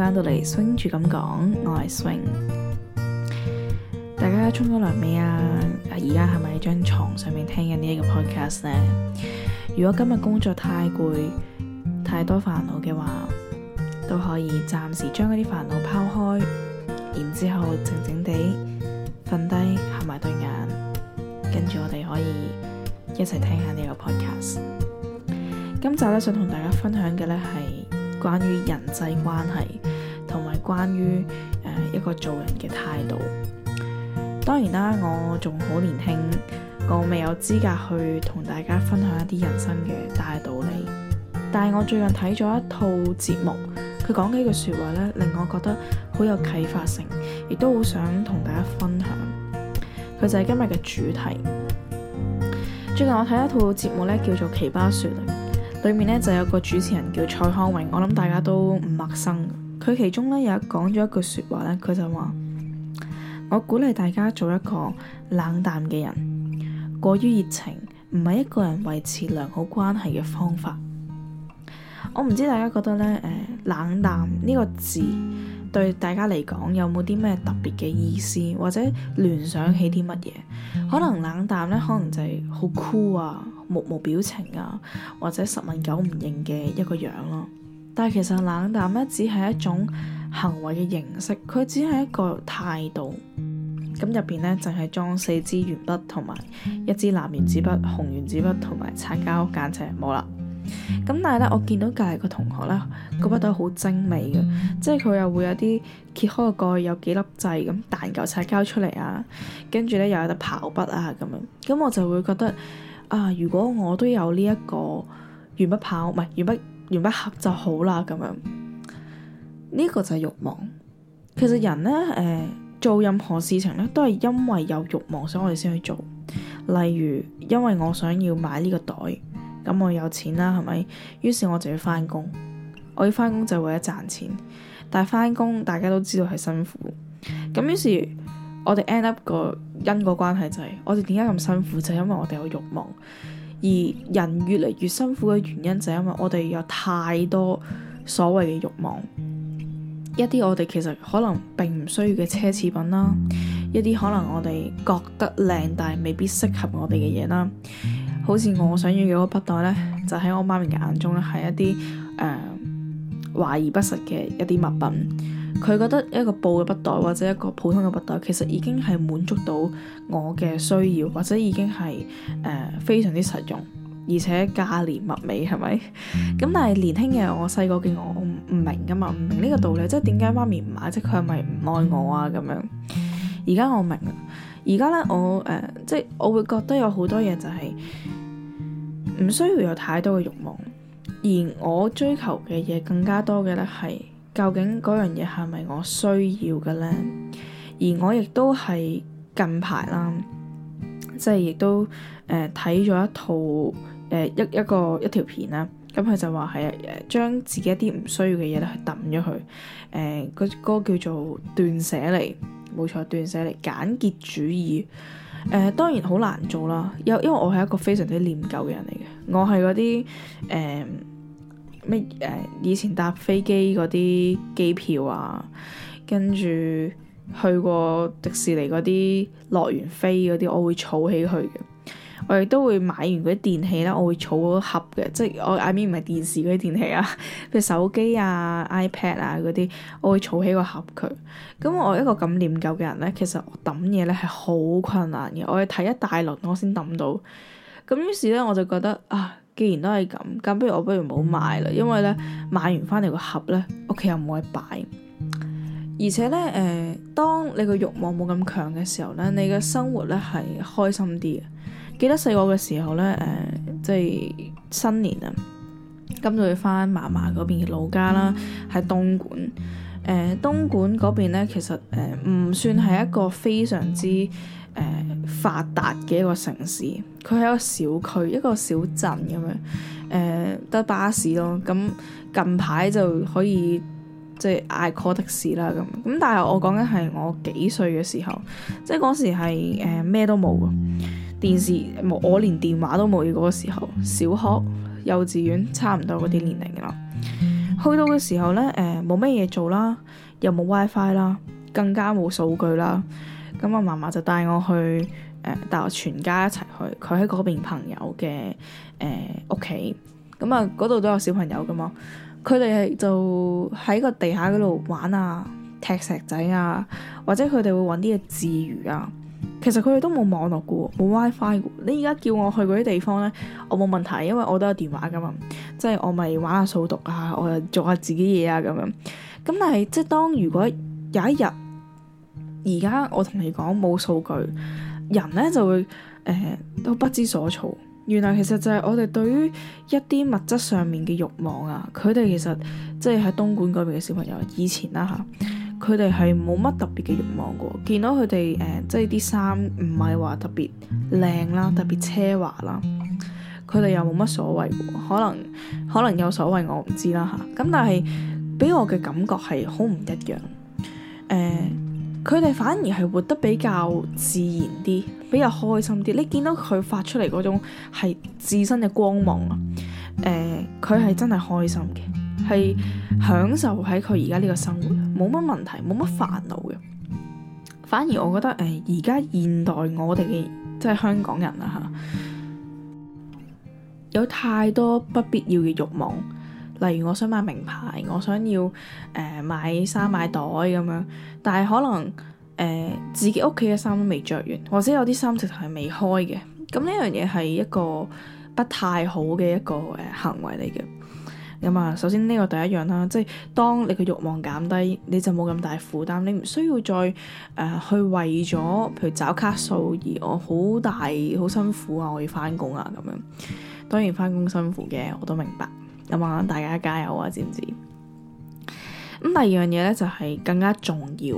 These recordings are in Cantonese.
翻到嚟 swing 住咁講，我係 swing。大家沖咗涼未啊？而家係咪喺張床上面聽緊呢一個 podcast 咧？如果今日工作太攰，太多煩惱嘅話，都可以暫時將嗰啲煩惱拋開，然之後靜靜哋瞓低合埋對眼，跟住我哋可以一齊聽下呢個 podcast。今集咧想同大家分享嘅咧係關於人際關係。同埋關於誒、呃、一個做人嘅態度，當然啦、啊，我仲好年輕，我未有資格去同大家分享一啲人生嘅大道理。但係我最近睇咗一套節目，佢講嘅一句說話咧，令我覺得好有啟發性，亦都好想同大家分享。佢就係今日嘅主題。最近我睇一套節目咧，叫做《奇葩說》，裏面咧就有個主持人叫蔡康永，我諗大家都唔陌生。佢其中咧有講咗一句説話咧，佢就話：我鼓勵大家做一個冷淡嘅人，過於熱情唔係一個人維持良好關係嘅方法。我唔知大家覺得咧，誒、呃、冷淡呢個字對大家嚟講有冇啲咩特別嘅意思，或者聯想起啲乜嘢？可能冷淡咧，可能就係好酷啊，目無表情啊，或者十問九唔認嘅一個樣咯。但係其實冷淡咧，只係一種行為嘅形式，佢只係一個態度。咁入邊咧淨係裝四支鉛筆同埋一支藍原子筆、紅原子筆同埋擦膠，簡直冇啦。咁但係咧，我見到隔籬個同學咧，個筆袋都好精美嘅，即係佢又會有啲揭開個蓋有幾粒掣，咁彈嚿擦膠出嚟啊，跟住咧又有得刨筆啊咁樣。咁我就會覺得啊，如果我都有呢一個鉛筆刨，唔係鉛筆。完不合就好啦，咁樣呢、呢個就係慾望。其實人呢，誒、呃、做任何事情呢，都係因為有慾望，所以我哋先去做。例如，因為我想要買呢個袋，咁我有錢啦，係咪？於是我就要翻工，我要翻工就係為咗賺錢。但係翻工大家都知道係辛苦。咁於是我哋 end up 個因果關係就係、係，我哋點解咁辛苦就係、係、因為我哋有慾望。而人越嚟越辛苦嘅原因就係因為我哋有太多所謂嘅欲望，一啲我哋其實可能並唔需要嘅奢侈品啦，一啲可能我哋覺得靚但係未必適合我哋嘅嘢啦，好似我想要嘅嗰筆袋咧，就喺我媽咪眼中咧，係一啲誒華而不實嘅一啲物品。佢覺得一個布嘅筆袋或者一個普通嘅筆袋，其實已經係滿足到我嘅需要，或者已經係誒、呃、非常之實用，而且價廉物美係咪？咁 但係年輕嘅我細個嘅我唔明㗎嘛，唔明呢個道理，即係點解媽咪唔買？即係佢係咪唔愛我啊？咁樣而家我明，而家咧我誒、呃、即係我會覺得有好多嘢就係、是、唔需要有太多嘅慾望，而我追求嘅嘢更加多嘅咧係。究竟嗰樣嘢係咪我需要嘅咧？而我亦都係近排啦，即係亦都誒睇咗一套誒、呃、一一個一條片啦。咁、嗯、佢就話係誒將自己一啲唔需要嘅嘢咧抌咗佢。誒嗰歌叫做斷《斷捨離》，冇錯，《斷捨離》簡潔主義。誒、呃、當然好難做啦。因因為我係一個非常之念舊嘅人嚟嘅，我係嗰啲誒。呃咩誒？以前搭飛機嗰啲機票啊，跟住去過迪士尼嗰啲樂園飛嗰啲，我會儲起佢嘅。我亦都會買完嗰啲電器啦，我會儲個盒嘅。即係我 I mean 唔係電視嗰啲電器啊，譬 如手機啊、iPad 啊嗰啲，我會儲起個盒佢。咁我一個咁念舊嘅人咧，其實我抌嘢咧係好困難嘅。我要睇一大輪我先抌到。咁於是咧我就覺得啊～既然都係咁，咁不如我不如唔好買啦，因為咧買完翻嚟個盒咧，屋企又唔可以擺。而且咧，誒、呃，當你個欲望冇咁強嘅時候咧，你嘅生活咧係開心啲嘅。記得細個嘅時候咧，誒、呃，即係新年啊，咁就去翻嫲嫲嗰邊嘅老家啦，喺東莞。誒、呃，東莞嗰邊咧，其實誒唔算係一個非常之誒、呃、發達嘅一個城市，佢係一個小區、一個小鎮咁樣，誒、呃、得巴士咯。咁、嗯、近排就可以即係嗌 call 的士啦咁。咁但係我講緊係我幾歲嘅時候，即係嗰時係咩、呃、都冇，電視冇，我連電話都冇嘅嗰個時候，小學、幼稚園差唔多嗰啲年齡嘅啦。去到嘅時候呢，誒冇咩嘢做啦，又冇 WiFi 啦，更加冇數據啦。咁啊，嫲嫲就帶我去，誒、呃，帶我全家一齊去。佢喺嗰邊朋友嘅誒屋企，咁、呃、啊，嗰度都有小朋友噶嘛。佢哋係就喺個地下嗰度玩啊，踢石仔啊，或者佢哋會揾啲嘢自娛啊。其實佢哋都冇網絡嘅喎，冇 WiFi 嘅喎。你而家叫我去嗰啲地方咧，我冇問題，因為我都有電話噶嘛，即係我咪玩下數獨啊，我又做下、啊、自己嘢啊咁樣。咁但係即係當如果有一日。而家我同你講冇數據，人呢就會誒、呃、都不知所措。原來其實就係我哋對於一啲物質上面嘅慾望啊。佢哋其實即係喺東莞嗰邊嘅小朋友，以前啦、啊、吓，佢哋係冇乜特別嘅慾望嘅。見到佢哋誒，即係啲衫唔係話特別靚啦，特別奢華啦，佢哋又冇乜所謂嘅。可能，可能有所謂我，我唔知啦吓。咁但係俾我嘅感覺係好唔一樣誒。呃佢哋反而係活得比較自然啲，比較開心啲。你見到佢發出嚟嗰種係自身嘅光芒啊，誒、呃，佢係真係開心嘅，係享受喺佢而家呢個生活，冇乜問題，冇乜煩惱嘅。反而我覺得誒，而家現代我哋嘅，即係香港人啊嚇，有太多不必要嘅慾望。例如我想買名牌，我想要誒、呃、買衫買袋咁樣，但係可能誒、呃、自己屋企嘅衫都未着完，或者有啲衫直頭係未開嘅，咁呢樣嘢係一個不太好嘅一個誒行為嚟嘅。咁啊，首先呢個第一樣啦，即係當你嘅欲望減低，你就冇咁大負擔，你唔需要再誒、呃、去為咗譬如找卡數而我好大好辛苦啊，我要翻工啊咁樣。當然翻工辛苦嘅，我都明白。啊大家加油啊，知唔知？咁第二樣嘢咧，就係更加重要，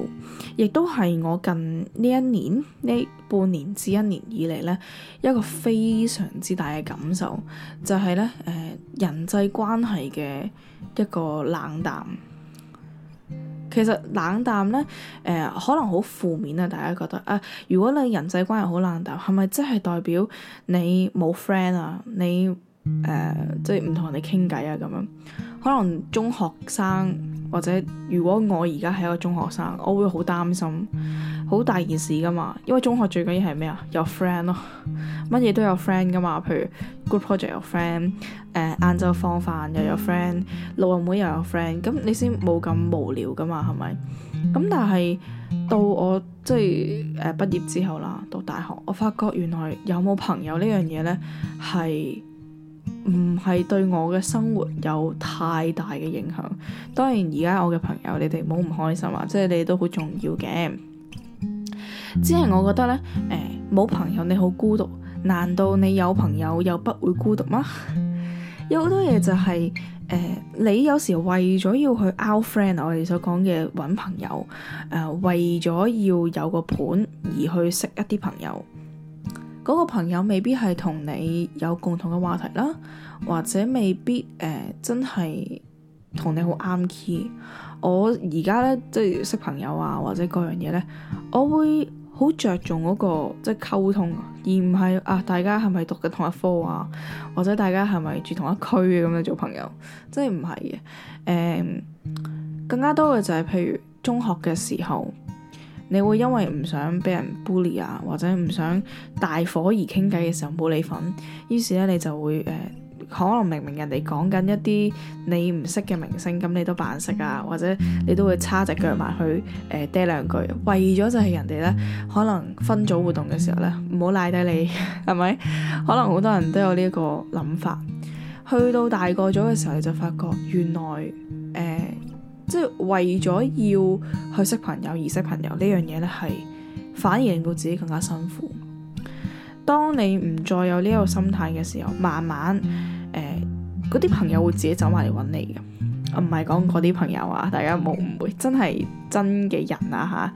亦都係我近呢一年呢半年至一年以嚟咧，一個非常之大嘅感受，就係咧，誒，人際關係嘅一個冷淡。其實冷淡咧，誒、呃，可能好負面啊！大家覺得啊、呃，如果你人際關係好冷淡，係咪即係代表你冇 friend 啊？你？誒，即係唔同人哋傾偈啊，咁樣可能中學生或者如果我而家係一個中學生，我會好擔心好大件事噶嘛。因為中學最緊要係咩啊？有 friend 咯，乜 嘢都有 friend 噶嘛。譬如 good project 有 friend，誒、呃，晏晝放飯又有 friend，陸運會又有 friend，咁你先冇咁無聊噶嘛，係咪？咁但係到我即係誒畢業之後啦，讀大學，我發覺原來有冇朋友呢樣嘢咧係。唔係對我嘅生活有太大嘅影響。當然，而家我嘅朋友，你哋唔好唔開心啊！即係你哋都好重要嘅。只係我覺得呢，誒、欸、冇朋友你好孤獨。難道你有朋友又不會孤獨嗎？ 有好多嘢就係、是、誒、欸，你有時為咗要去 out friend，我哋所講嘅揾朋友，誒、呃、為咗要有個伴而去識一啲朋友。嗰個朋友未必係同你有共同嘅話題啦，或者未必誒、呃、真係同你好啱 key。我而家咧即係識朋友啊，或者各樣嘢咧，我會好着重嗰、嗰個即係溝通，而唔係啊大家係咪讀緊同一科啊，或者大家係咪住同一區咁、啊、嚟做朋友，即係唔係嘅誒？更加多嘅就係譬如中學嘅時候。你會因為唔想俾人 bully 啊，或者唔想大火而傾偈嘅時候冇你份，於是咧你就會誒、呃，可能明明人哋講緊一啲你唔識嘅明星，咁你都扮識啊，或者你都會叉隻腳埋去誒嗲、呃、兩句，為咗就係人哋咧可能分組活動嘅時候咧唔好賴低你，係咪？可能好多人都有呢一個諗法，去到大個咗嘅時候你就發覺原來誒。呃即係為咗要去識朋友而識朋友呢樣嘢咧，係反而令到自己更加辛苦。當你唔再有呢一個心態嘅時候，慢慢誒嗰啲朋友會自己走埋嚟搵你嘅。唔係講嗰啲朋友啊，大家冇誤會，真係真嘅人啊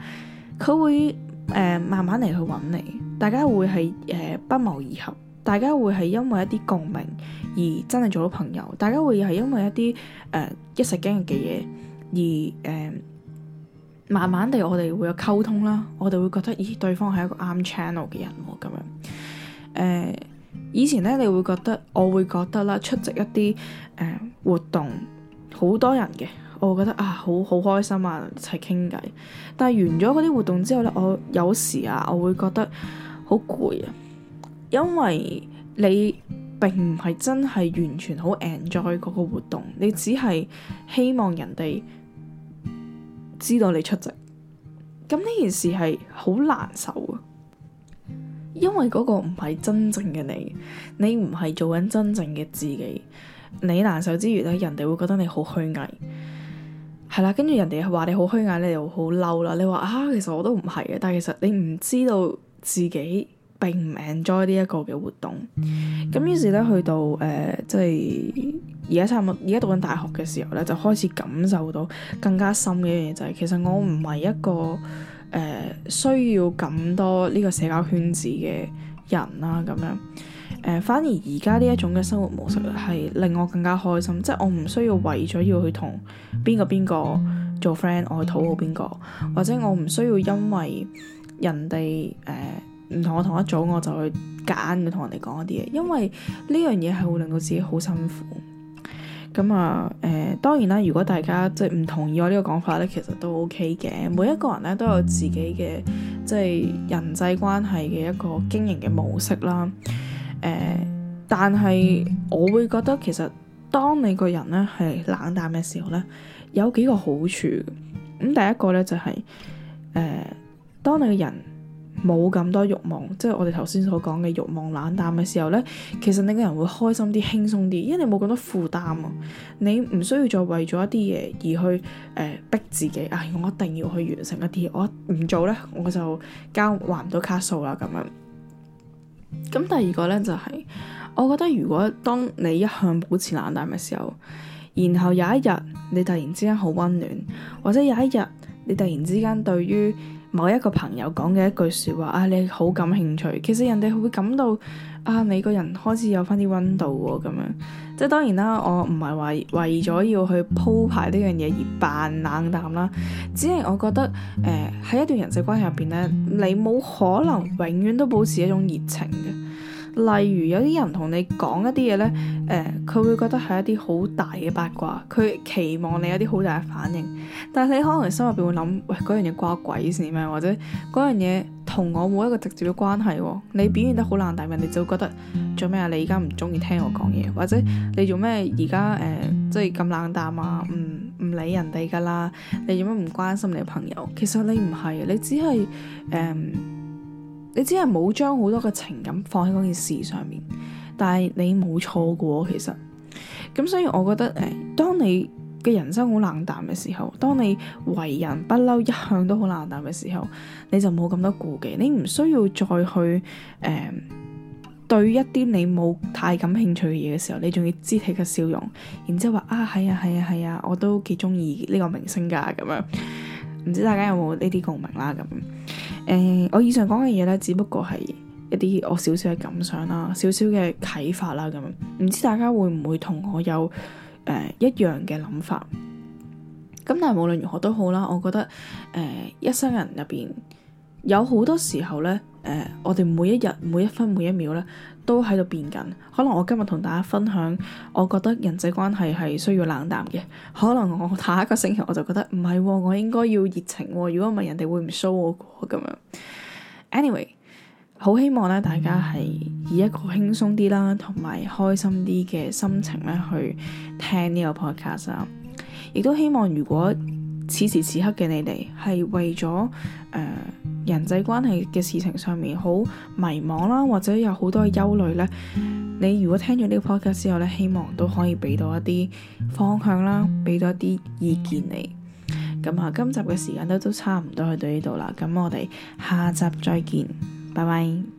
嚇。佢會誒、呃、慢慢嚟去搵你，大家會係誒、呃、不謀而合，大家會係因為一啲共鳴而真係做到朋友，大家會係因為一啲誒、呃、一時驚嘅嘢。而誒、呃，慢慢地我哋會有溝通啦，我哋會覺得，咦，對方係一個啱 channel 嘅人喎，咁樣誒、呃。以前咧，你會覺得，我會覺得啦，出席一啲誒、呃、活動，好多人嘅，我會覺得啊，好好開心啊，一齊傾偈。但係完咗嗰啲活動之後咧，我有時啊，我會覺得好攰啊，因為你，並唔係真係完全好 enjoy 嗰個活動，你只係希望人哋知道你出席。咁呢件事係好難受啊，因為嗰個唔係真正嘅你，你唔係做緊真正嘅自己。你難受之餘咧，人哋會覺得你好虛偽，係啦。跟住人哋話你好虛偽，你又好嬲啦。你話啊，其實我都唔係嘅，但係其實你唔知道自己。並唔 enjoy 呢一個嘅活動咁，於是咧去到誒，即係而家差唔多，而家讀緊大學嘅時候咧，就開始感受到更加深嘅嘢就係，其實我唔係一個誒需要咁多呢個社交圈子嘅人啦。咁樣誒，反而而家呢一種嘅生活模式係令我更加開心，即係我唔需要為咗要去同邊個邊個做 friend，我去討好邊個，或者我唔需要因為人哋誒。唔同我同一組，我就去揀去同人哋講嗰啲嘢，因為呢樣嘢係會令到自己好辛苦。咁啊，誒、呃、當然啦，如果大家即係唔同意我呢個講法咧，其實都 OK 嘅。每一個人咧都有自己嘅即係人際關係嘅一個經營嘅模式啦。誒、呃，但係我會覺得其實當你個人咧係冷淡嘅時候咧，有幾個好處。咁、嗯、第一個咧就係、是、誒、呃，當你個人。冇咁多慾望，即係我哋頭先所講嘅慾望冷淡嘅時候呢，其實你個人會開心啲、輕鬆啲，因為你冇咁多負擔啊。你唔需要再為咗一啲嘢而去誒、呃、逼自己，哎、啊，我一定要去完成一啲，我唔做呢，我就交還唔到卡數啦咁樣。咁第二個呢，就係、是，我覺得如果當你一向保持冷淡嘅時候，然後有一日你突然之間好温暖，或者有一日你突然之間對於。某一個朋友講嘅一句説話啊，你好感興趣，其實人哋會感到啊，你個人開始有返啲温度喎、哦，咁樣即係當然啦，我唔係話為咗要去鋪排呢樣嘢而扮冷淡啦，只係我覺得誒喺、呃、一段人際關係入邊咧，你冇可能永遠都保持一種熱情嘅。例如有啲人同你講一啲嘢呢，誒、呃，佢會覺得係一啲好大嘅八卦，佢期望你有啲好大嘅反應。但係你可能心入邊會諗，喂，嗰樣嘢掛鬼線咩？或者嗰樣嘢同我冇一個直接嘅關係。你表現得好冷淡，人哋就會覺得做咩啊？你而家唔中意聽我講嘢，或者你做咩而家誒，即係咁冷淡啊？唔唔理人哋噶啦？你做咩唔關心你朋友？其實你唔係，你只係誒。呃你只係冇將好多嘅情感放喺嗰件事上面，但係你冇錯嘅，其實。咁所以我覺得，誒、呃，當你嘅人生好冷淡嘅時候，當你為人不嬲，一向都好冷淡嘅時候，你就冇咁多顧忌，你唔需要再去，誒、呃，對一啲你冇太感興趣嘅嘢嘅時候，你仲要擠起個笑容，然之後話啊，係啊，係啊，係啊，啊，我都幾中意呢個明星㗎，咁樣。唔知大家有冇呢啲共鳴啦，咁。誒，uh, 我以上講嘅嘢咧，只不過係一啲我少少嘅感想啦，少少嘅啟發啦，咁樣，唔知大家會唔會同我有誒、呃、一樣嘅諗法？咁但係無論如何都好啦，我覺得誒、呃、一生人入邊。有好多時候呢，誒、呃，我哋每一日、每一分、每一秒呢都喺度變緊。可能我今日同大家分享，我覺得人際關係係需要冷淡嘅。可能我下一個星期我就覺得唔係喎，我應該要熱情喎。如果唔係，人哋會唔 show 我過咁樣。Anyway，好希望呢大家係以一個輕鬆啲啦，同埋開心啲嘅心情呢去聽呢個 podcast。亦都希望如果此時此刻嘅你哋係為咗誒、呃人際關係嘅事情上面好迷茫啦，或者有好多嘅憂慮呢。你如果聽咗呢個 podcast 之後呢，希望都可以俾到一啲方向啦，俾到一啲意見你。咁啊，今集嘅時間都都差唔多去到呢度啦。咁我哋下集再見，拜拜。